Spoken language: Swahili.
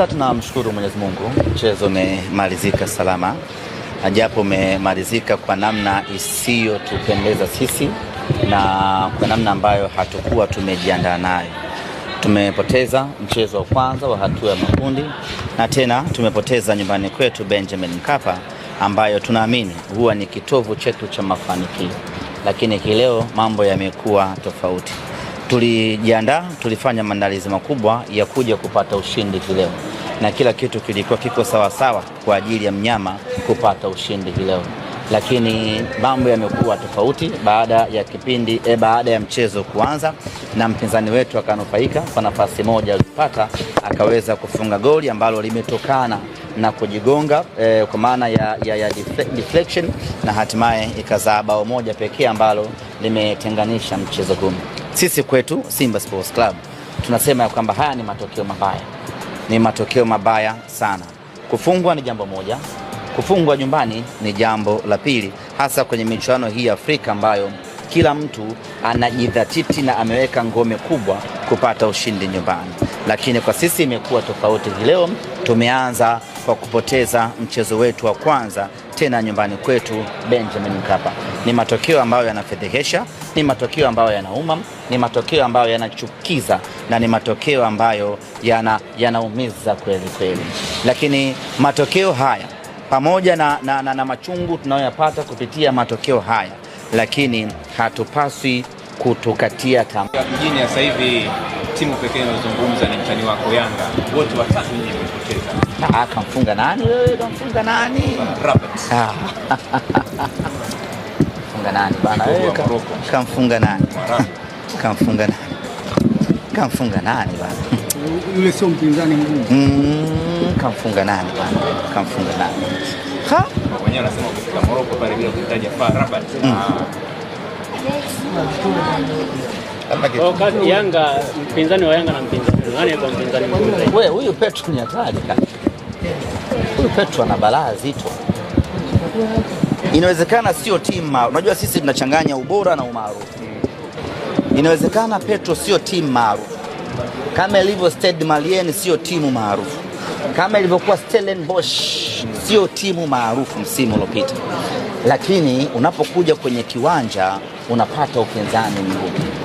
Kwanza tunamshukuru Mwenyezi Mungu, mchezo umemalizika salama, na japo umemalizika kwa namna isiyotupendeza sisi na kwa namna ambayo hatukuwa tumejiandaa nayo. Tumepoteza mchezo wa kwanza wa hatua ya makundi na tena tumepoteza nyumbani kwetu Benjamin Mkapa, ambayo tunaamini huwa ni kitovu chetu cha mafanikio, lakini hii leo mambo yamekuwa tofauti. Tulijiandaa, tulifanya maandalizi makubwa ya kuja kupata ushindi hii leo, na kila kitu kilikuwa kiko sawasawa sawa kwa ajili ya mnyama kupata ushindi hii leo, lakini mambo yamekuwa tofauti baada ya kipindi e, baada ya mchezo kuanza, na mpinzani wetu akanufaika kwa nafasi moja alipata, akaweza kufunga goli ambalo limetokana na kujigonga e, kwa maana ya, ya, ya deflection na hatimaye ikazaa bao moja pekee ambalo limetenganisha mchezo huu. Sisi kwetu Simba Sports Club tunasema ya kwamba haya ni matokeo mabaya, ni matokeo mabaya sana. Kufungwa ni jambo moja, kufungwa nyumbani ni jambo la pili, hasa kwenye michuano hii ya Afrika ambayo kila mtu anajidhatiti na ameweka ngome kubwa kupata ushindi nyumbani, lakini kwa sisi imekuwa tofauti. Hii leo tumeanza kwa kupoteza mchezo wetu wa kwanza tena nyumbani kwetu Benjamin Mkapa. Ni matokeo ambayo yanafedhehesha, ni matokeo ambayo yanauma, ni matokeo ambayo yanachukiza na ni matokeo ambayo yanaumiza kweli kweli, lakini matokeo haya pamoja na, na, na, na machungu tunayoyapata kupitia matokeo haya, lakini hatupaswi kutukatia tamaa. Mjini sasa hivi timu pekee inayozungumza ni mtani wako Yanga, wote watatu nyinyi mmepoteza. Ah, kamfunga nani wewe? Eh, kamfunga nani? Robert. Ah. Kamfunga nani bana eh, wewe? Kamfunga nani? Kamfunga nani? Kamfunga nani bana? Yule sio mpinzani mgumu. Mm, kamfunga nani bana? Kamfunga nani? Ha? Wenyewe wanasema kufika Morocco pale bila kuhitaji faa Robert. Mm. Ah. Oh, Yanga mpinzani wa Yanga na mpinzani nani kwa mpinzani mzuri Wewe huyu Petro ni hatari Huyu Petro ana balaa zito. Inawezekana sio timu, unajua sisi tunachanganya ubora na umaarufu. Inawezekana Petro sio timu maarufu kama ilivyo Stade Malien sio timu maarufu kama ilivyokuwa Stellenbosch sio timu maarufu msimu uliopita, lakini unapokuja kwenye kiwanja unapata upinzani mgumu.